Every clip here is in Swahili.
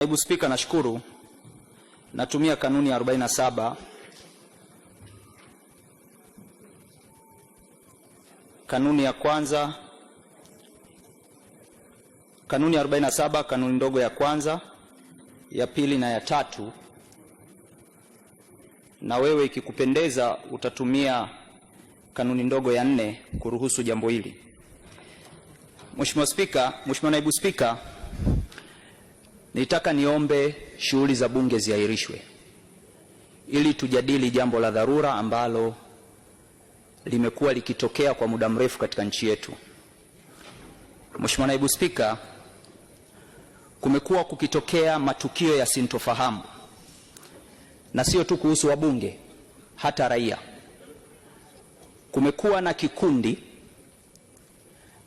Naibu Spika, nashukuru. Natumia kanuni ya 47 kanuni ya kwanza, kanuni ya 47 kanuni ndogo ya kwanza, ya pili na ya tatu, na wewe ikikupendeza utatumia kanuni ndogo ya nne kuruhusu jambo hili. Mheshimiwa Spika, Mheshimiwa Naibu Spika Nitaka niombe shughuli za bunge ziahirishwe ili tujadili jambo la dharura ambalo limekuwa likitokea kwa muda mrefu katika nchi yetu. Mheshimiwa Naibu Spika, kumekuwa kukitokea matukio ya sintofahamu na sio tu kuhusu wabunge, hata raia. Kumekuwa na kikundi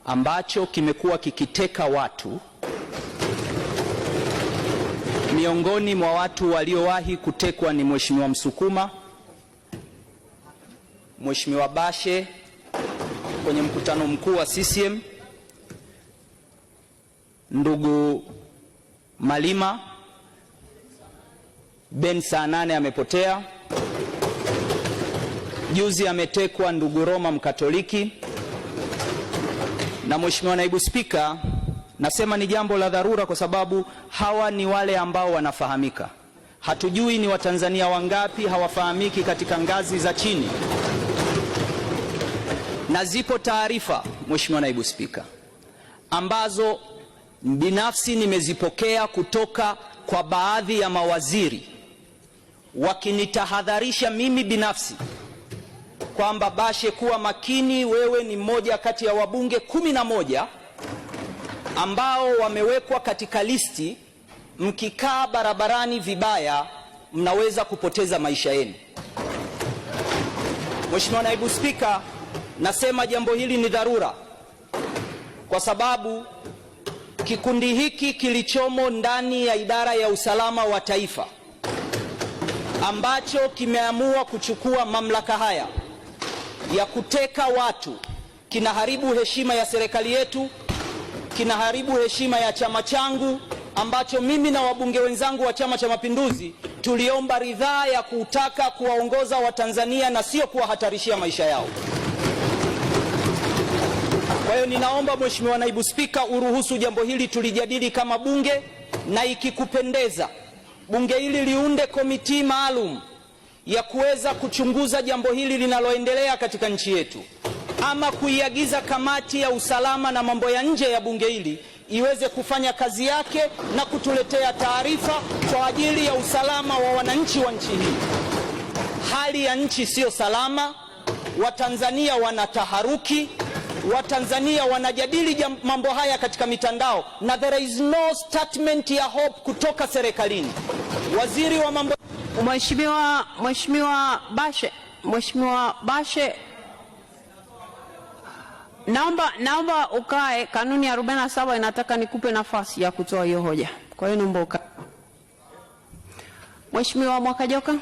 ambacho kimekuwa kikiteka watu Miongoni mwa watu waliowahi kutekwa ni Mheshimiwa Msukuma, Mheshimiwa Bashe kwenye mkutano mkuu wa CCM, ndugu Malima Ben saa nane amepotea. Juzi ametekwa ndugu Roma Mkatoliki. Na Mheshimiwa Naibu Spika Nasema ni jambo la dharura kwa sababu hawa ni wale ambao wanafahamika. Hatujui ni Watanzania wangapi hawafahamiki katika ngazi za chini, na zipo taarifa, Mheshimiwa Naibu Spika, ambazo binafsi nimezipokea kutoka kwa baadhi ya mawaziri wakinitahadharisha mimi binafsi kwamba Bashe, kuwa makini, wewe ni mmoja kati ya wabunge kumi na moja ambao wamewekwa katika listi, mkikaa barabarani vibaya mnaweza kupoteza maisha yenu. Mheshimiwa Naibu Spika, nasema jambo hili ni dharura kwa sababu kikundi hiki kilichomo ndani ya idara ya usalama wa taifa ambacho kimeamua kuchukua mamlaka haya ya kuteka watu kinaharibu heshima ya serikali yetu kinaharibu heshima ya chama changu ambacho mimi na wabunge wenzangu wa Chama cha Mapinduzi tuliomba ridhaa ya kutaka kuwaongoza Watanzania na sio kuwahatarishia maisha yao. Kwa hiyo ninaomba Mheshimiwa Naibu Spika, uruhusu jambo hili tulijadili kama bunge, na ikikupendeza bunge hili liunde komiti maalum ya kuweza kuchunguza jambo hili linaloendelea katika nchi yetu ama kuiagiza kamati ya usalama na mambo ya nje ya bunge hili iweze kufanya kazi yake na kutuletea taarifa kwa ajili ya usalama wa wananchi wa nchi hii. Hali ya nchi siyo salama, Watanzania wanataharuki Watanzania wanajadili mambo haya katika mitandao na there is no statement ya hope kutoka serikalini. Waziri wa mambo Mheshimiwa Mheshimiwa Bashe Mheshimiwa Bashe Naomba, naomba ukae. Kanuni ya 47 inataka nikupe nafasi ya kutoa hiyo hoja, kwa hiyo naomba ukae. Mheshimiwa Mwakajoka.